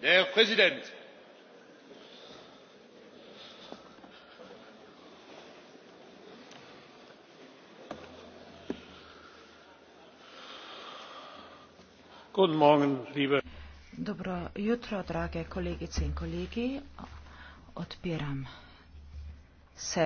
herr präsident! guten morgen liebe dobro jutro drage kolegice in kolegi odpiram sejo.